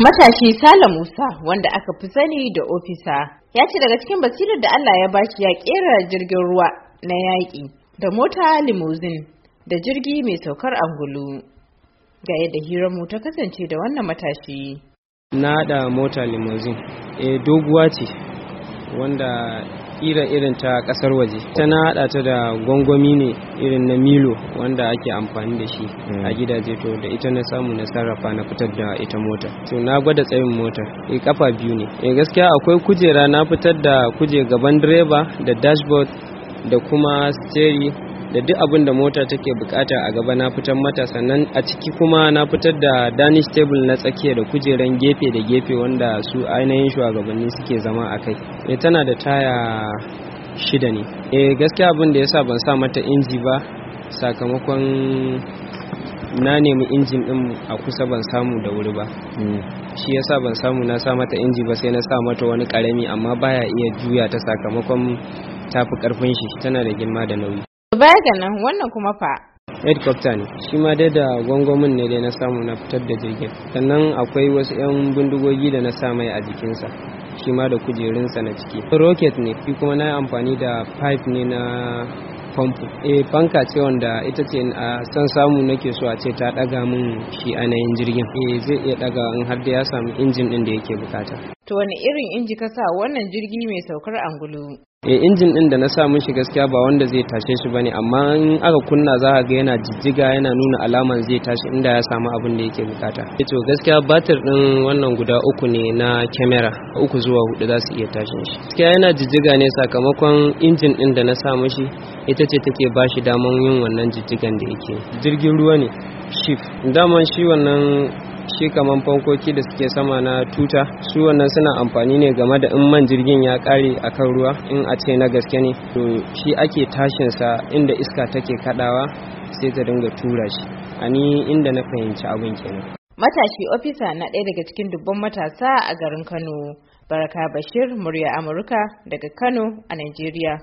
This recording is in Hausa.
Matashi Sala Musa wanda aka fi sani da ofisa ya ce daga cikin basirar da Allah ya bashi ya kera jirgin ruwa na yaƙi da mota limousine da jirgi mai saukar angulu. Ga yadda mu ta kasance da wannan matashi. Na da mota limousine, e doguwa ce wanda kira irin ta kasar waje tana hada ta da gwangwami ne irin na milo wanda ake amfani da shi hmm. a gidaje to da ita na samu na sarrafa na fitar da ita mota to na gwada tsayin mota e kafa biyu ne e gaskiya akwai kujera na fitar da kuje gaban direba da dashboard da kuma steering da duk abin da mota take bukata a gaba na fitar mata sannan a ciki kuma na fitar da danish table na tsakiya da kujeran gefe da gefe wanda su ainihin shugabanni suke zama a kai e tana da taya shida ne e gaskiya abin da yasa ban sa mata inji ba sakamakon na nemi injin din a kusa ban samu da wuri ba mm. shi yasa ban samu na sa mata inji ba sai na sa mata wani karami amma baya iya juya ta sakamakon tafi karfin shi tana da girma da nauyi baya ga nan wannan kuma fa helicopter ne shi ma dai da gwangwamin ne dai na samu na fitar da jirgin sannan akwai wasu 'yan bindigogi da na sa mai a jikinsa shi ma da kujerunsa na ciki rocket ne shi kuma na amfani da pipe ne na famfo e fanka ce wanda ita ce a san samu nake so a ce ta daga min shi anayin jirgin e zai iya daga in har da ya samu injin din da yake bukata to wani irin inji ka sa wannan jirgi mai saukar angulu e injin din da na sa mun gaskiya ba wanda zai tashe shi bane amma in aka kunna za ka ga yana jijjiga yana nuna alaman zai tashi inda ya samu abin da yake bukata eh, to gaskiya batir din wannan guda uku ne na kyamara uku zuwa hudu za su iya tashin shi gaskiya yana jijjiga ne sakamakon injin din da na sa mun ita ce take ba shi daman yin wannan jijjigan da yake jirgin ruwa ne shif daman shi wannan shi kaman fankoki da suke sama na tuta su wannan suna amfani ne game da in man jirgin ya kare a kan ruwa in a ce na gaske ne to shi ake tashin sa inda iska take kadawa sai ta dinga tura shi ani inda na fahimci abin kenan matashi ofisa na ɗaya daga cikin dubban matasa a garin Kano Baraka Bashir murya Amurka daga Kano a nigeria.